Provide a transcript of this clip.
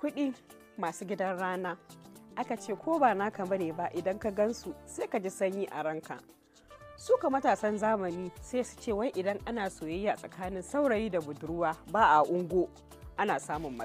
kuɗi masu gidan rana aka ce ko ba naka bane ba idan ka gansu sai ka ji sanyi a ranka suka matasan zamani sai su ce wai idan ana soyayya tsakanin saurayi da budurwa ba a ungo ana samun